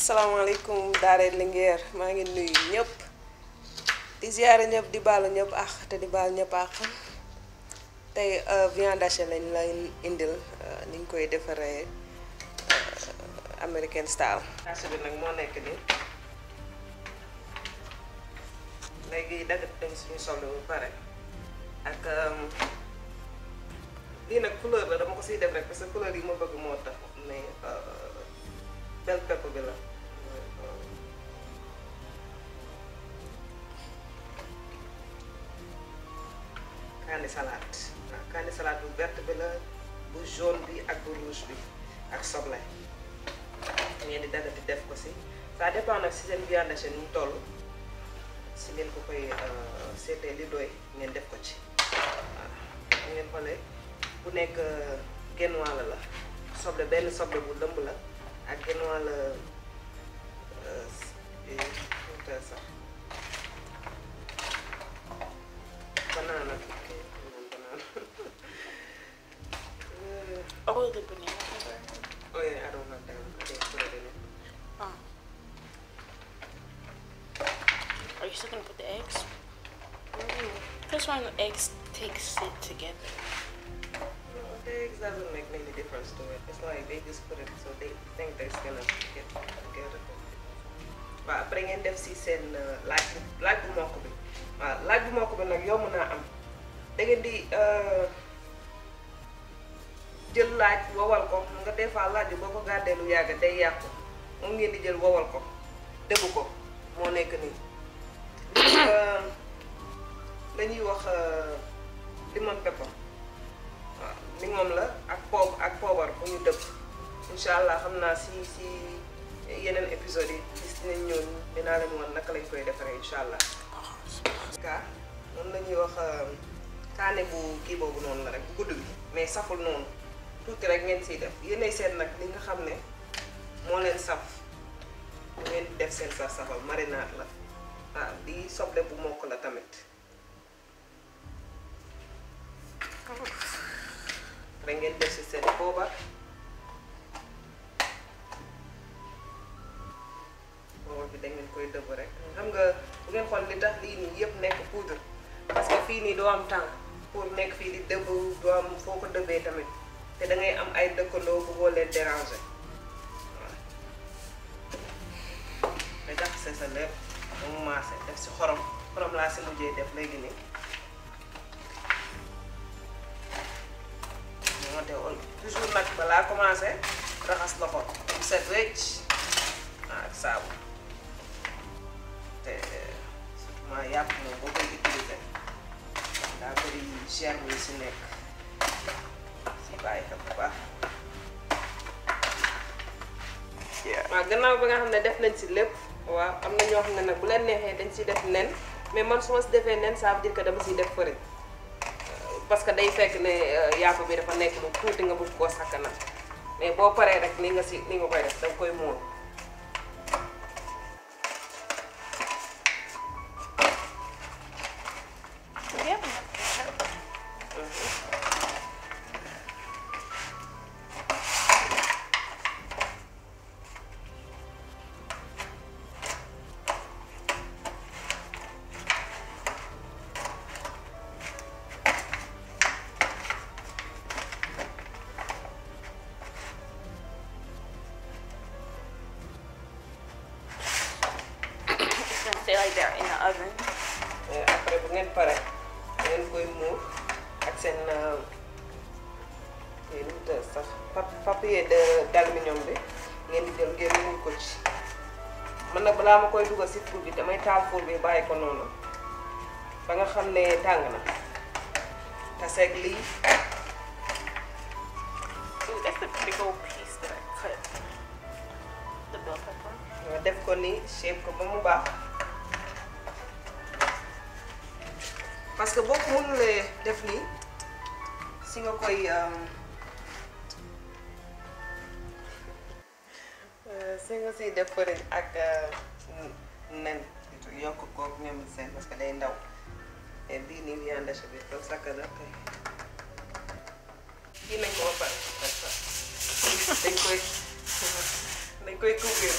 assalamualaikum dare Linguère ma ngi nuy ñep di ziaré ñep di baalu ñep ax té di bal ñep ak tay euh viande hachée lañ la indil euh, ni ñu koy défaré euh, American style. hachée bi nak mo nekk ni légui dag dag suñu solo bu pare ak di euh, nak couleur la dama ko siy def rek parce que couleur yi ma bëgg mo tax mais. euh Del capo bella. kaani salade waaw nah, kaani salade bu verte bu jaune bi ak bu rouge bi ak soble di dagati def ko si ça dépend nag si seen viande seen mu toll ngeen ko koy seetee li doy ngeen def ko ci bu la soble soble bu la ak gannaaw la banana. Oh, oh yeah, I don't Orange that. bonheur. Oui, aroma dame, aroma Oh. Are you still gonna put the eggs? Mm-hmm. This one, the eggs takes it together. No, the eggs doesn't make me. da ngeen def si seen euh, laaj bu laaj bu mokk bi waaw laaj bu mokk bi nag yomb naa am da ngeen di euh, jël laaj wowal ko nga des fois laaj bi boo ko gàddee lu yàgg day yàqu moom ngeen di jël wowal ko dëgg ko moo nekk nii dañuy euh, wax limon pepper waaw limon la ak poob ak poobar bu ñu dëgg incha allah xam naa si si yeneen épisodes yi gis nañ ñoon dinaa leen woon naka lañ koy defaree incha allah. kaa noonu la ñuy wax kaane euh, bu kii boobu noonu la rek bu gudd bi mais saful noonu tuuti rek ngeen si def yéenay seen nag li nga xam ne moo leen saf ngeen def seen saf safal marinade la waaw ah, di soble bu mokk la tamit rek ngeen def si seen booba koy dëbb rek xam nga bu ngeen xool li tax lii nii yëpp nekk poudre parce que fii nii doo am temps pour nekk fii di dëbb doo am foo ko dëbbee tamit te da am ay dëkkandoo bu leen déranger waaw nga sa lépp ba maase def si xorom xorom laa si mujjee def léegi nii moo te woon toujours nag balaa commencé raxas loxo mu set wecc ak saabu te surtout ma yàpp moom boo koy utiliser waa bëri germe yi si nekk si bàyyi ko bu baax. waaw gannaaw ba nga xam ne def nañ si lépp waa am na ñoo xam ne nag bu leen neexee dañ siy def nen mais man su si defee nen saa veut dire que dama siy def farine parce que day fekk ne yàpp bi dafa nekk lu tuuti nga bëgg koo na mais boo paree rek ni nga si ni nga koy def danga koy muur. oven. Euh, après bu ngeen pare ngeen koy muur ak seen euh, sax papier de d'aluminium bi ngeen di jël ngeen muur ko ci man nag balaa ma koy dugal si four bi damay taal bi bàyyi ko noonu ba nga xam ne tàng na taseeg lii. def ko ni shape ko ba mu baax. parce que boo ko mënulee def nii si nga koy. Euh, euh, si nga siy def farine ak euh, nen yokk koog ñoom seen parce que day ndaw te bii nii viande hachée comme ça que nag kii nañ ko ba pare dañ koy dañ koy couvrir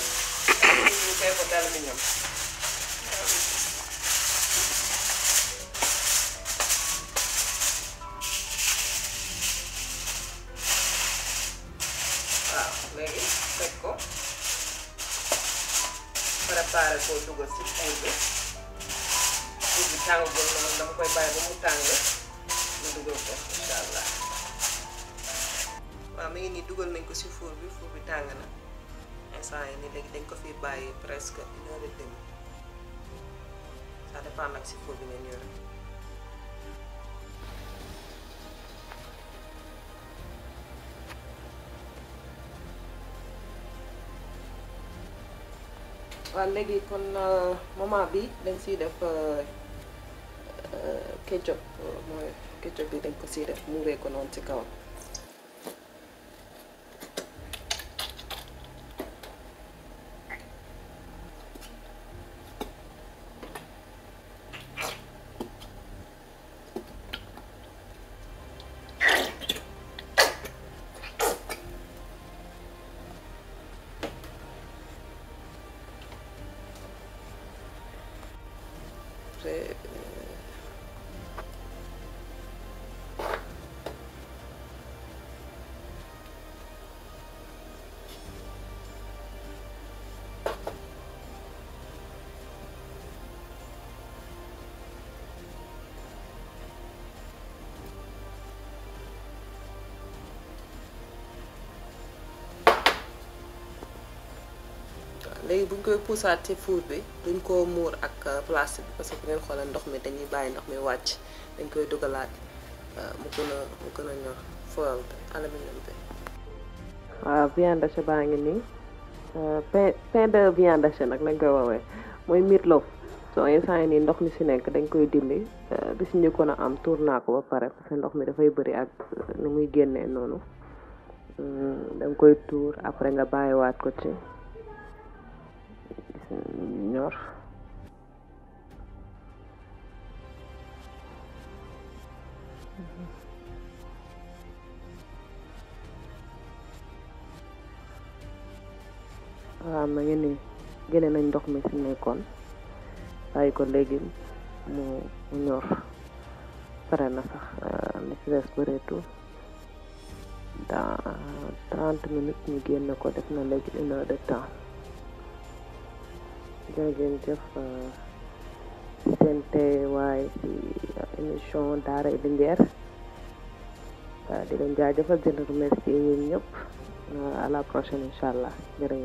dañ koy ko dal mi ñoom. bi teg ko préparé koo dugal ci fuur bi fuur bi tàngagul na man dama koy bàyyi ba mu tàng mu dugal ko incha allah waaw mi ngi nii dugal nañ ko ci fuur bi fuur bi tàng na instant yi nii léegi dañ ko fi bàyyi presque une heure et demie ça nag ci fuur bi nga ñëw rek waaw léegi kon euh, moment bi dañ siy def euh, euh, ketchup mooy ketchup bi dañ ko siy def muuree ko noonu ci kawam. Pues, eh, léegi bu ñu koy puusaat ci fuur bi duñ koo muur ak euh, plastique parce que bu ngeen ndox mi dañuy bàyyi ndox mi wàcc dañ koy euh, ah, baa ngi nii euh, pain pain de viande hachée nag lañ koy woowee mooy meatloaf soo instant nii ndox mi si nekk dañ koy dindi bi si njëkkoon am tour naa ko ba pare parce que ndox mi dafay bari ak nu muy génnee noonu hmm, dañ koy tuur après nga bàyyiwaat ko ci. geliyor. waaw ah, na ngeen ni génne nañ dox mi si nekkoon Ay ko léegi mu mu ñor pare na sax ni ah, ci res des retu. Da 30 minutes ñu génn ko def na léegi une heure de temps jërëjëf jëf seen teewaay ci émission daaray di leen di leen remercier ñëpp à la prochaine incha allah